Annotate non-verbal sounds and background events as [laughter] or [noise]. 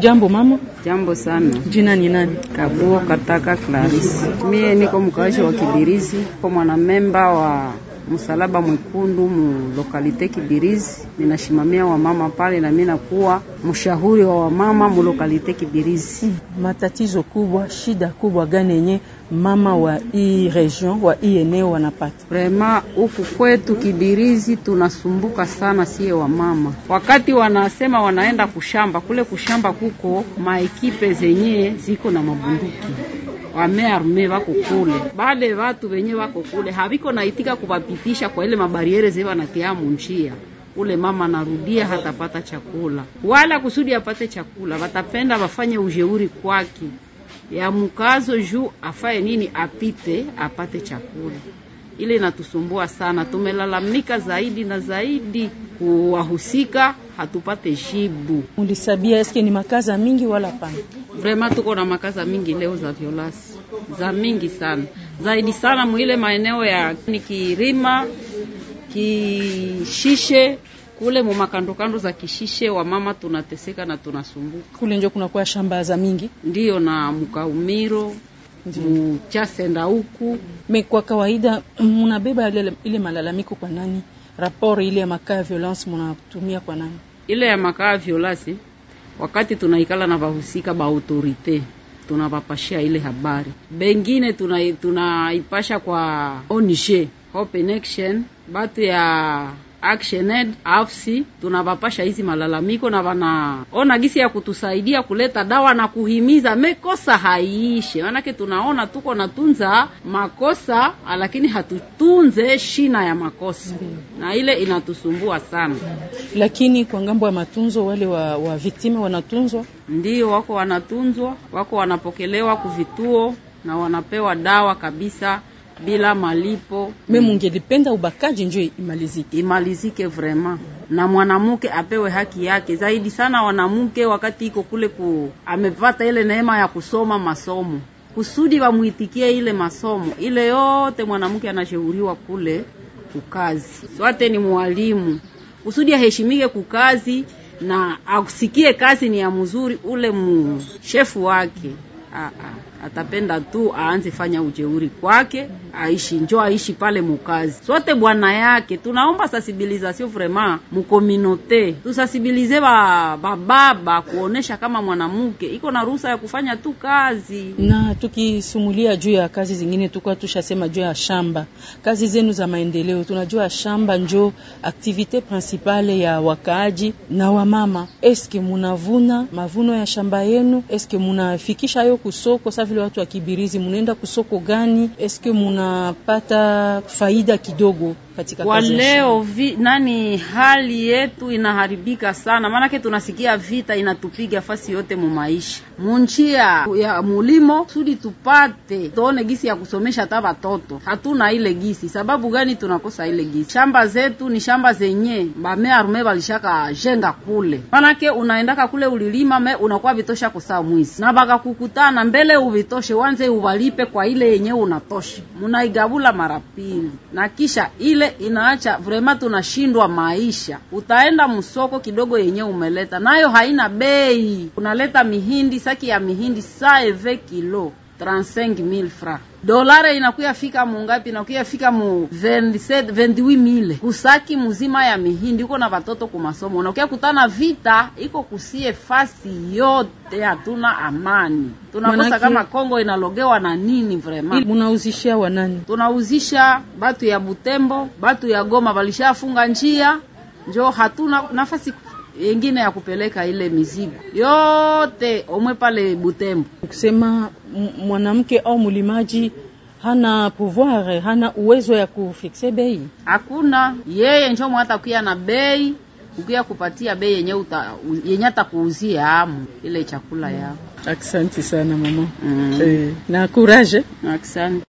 Jambo mama. Jambo sana. Jina ni nani? Kabuo Kataka Clarisse. Mie niko mkawashi wa Kibirizi, kwa mwanamemba wa msalaba mwekundu mu lokalite Kibirizi. Ninashimamia wamama pale, mimi nakuwa mshauri wa wamama mu lokalite Kibirizi. Matatizo kubwa, shida kubwa gani yenye mama wa hii region wa hii eneo wanapata? Vrema huku kwetu Kibirizi tunasumbuka sana sie wamama, wakati wanasema wanaenda kushamba, kule kushamba kuko maekipe zenye ziko na mabunduki wamearme wako kule, bale vatu wenye wako kule haviko naitika kuvapitisha kwa ile mabariere ze wanatia munjia ule mama narudia hatapata chakula wala kusudi apate chakula, watapenda wafanye ujeuri kwake ya mkazo juu afaye nini, apite apate chakula ile inatusumbua sana. Tumelalamika zaidi na zaidi, kuwahusika hatupate jibu. Ulisabia eske ni makaza mingi wala pana? Vrema tuko na makaza mingi leo za violasi za mingi sana zaidi sana mwile maeneo ya nikirima kishishe kule mumakandokando za kishishe, wa mama tunateseka na tunasumbuka kule, njo kunakuwa shamba za mingi ndiyo na mkaumiro mchasenda mm, huku mm. me. Kwa kawaida [clears throat] munabeba ile malalamiko kwa nani? Raporo ile ya makaa ya violence munatumia kwa nani? Ile ya makaa ya violence, wakati tunaikala na vahusika ba autorite tunawapashia ile habari, bengine tunaipasha tuna kwa ONG, Hope Action, batu ya ActionAid AFSI tunavapasha hizi malalamiko na wanaona gisi ya kutusaidia kuleta dawa na kuhimiza mekosa haiishe, manake tunaona tuko natunza makosa lakini hatutunze shina ya makosa mm -hmm. na ile inatusumbua sana mm -hmm. Lakini kwa ngambo ya matunzo wale wa, wa vitime wanatunzwa, ndio wako wanatunzwa, wako wanapokelewa kuvituo na wanapewa dawa kabisa bila malipo me mm. mungelipenda ubakaji njoo imalizike, imalizike vraiment, na mwanamke apewe haki yake zaidi sana. Wanamke wakati iko kule ku amepata ile neema ya kusoma masomo, kusudi wamwitikie ile masomo ile yote mwanamke anashauriwa kule kukazi, swate ni mwalimu, kusudi aheshimike kukazi na asikie kazi ni ya mzuri ule mu shefu wake. Aa. Ah, ah atapenda tu aanze fanya ujeuri kwake, aishi njo aishi pale mukazi, sote bwana yake. Tunaomba sensibilisation vraiment mukominote, tusensibilize ba bababa kuonesha kama mwanamke iko na ruhusa ya kufanya tu kazi, na tukisumulia juu ya kazi zingine tukwa tushasema juu ya shamba, kazi zenu za maendeleo. Tunajua shamba njo activité principale ya wakaaji na wamama. Eske munavuna mavuno ya shamba yenu? Eske munafikisha yo kusoko? vile watu wa Kibirizi munaenda kusoko gani? Eske munapata faida kidogo katika kwa leo vi, nani hali yetu inaharibika sana, maanake tunasikia vita inatupiga fasi yote mumaisha munjia ya mulimo, sudi tupate tuone gisi ya kusomesha hata watoto. Hatuna ile gisi, sababu gani tunakosa ile gisi? Shamba zetu ni shamba zenye bamearume balishaka jenga kule, maanake unaendaka kule ulilima me unakuwa vitosha kusaa mwizi na bakakukutana mbele uvitoshe, wanze uvalipe kwa ile yenye unatosha, munaigabula mara pili na kisha ile inaacha vrema tunashindwa maisha. Utaenda msoko kidogo yenye umeleta nayo haina bei, unaleta mihindi, saki ya mihindi saeve kilo 35000 francs. Dolare inakuya fika mungapi? Inakuya fika mu 27 28000 kusaki muzima ya mihindi uko na watoto masomo Unakuya kutana vita iko kusie fasi yote, hatuna amani. Tunakosa kama Kongo inalogewa na nini vraiment? Munauzishia wanani? Tunauzisha batu ya Butembo, batu ya Goma, walishafunga njia, njo hatuna nafasi ingine ya kupeleka ile mizigo yote omwe pale Butembo. Kusema mwanamke au mulimaji hana pouvoir, hana uwezo ya kufikse bei, hakuna yeye njo mwatakuya na bei ukia kupatia bei yenye yenye atakuuzia amu ile chakula yao. Asante sana mama. Mm. E, na courage. Asante.